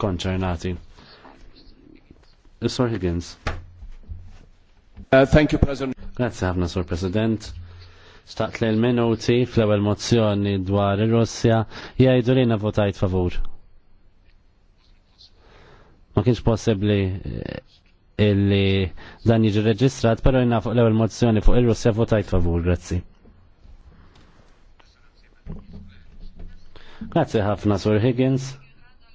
konċernati. Sir Higgins. Uh, thank you, President. Grazie ħafna, Sur President. Staqt li l-minuti fl-ewwel mozzjoni dwar ir-Russja jgħidu li votajt favur. Ma kienx possibbli eh, illi dan jiġi reġistrat, pero jina fuq l-ewel mozzjoni fuq il-Russja votajt favur, grazzi. Grazzi ħafna, Sur Higgins.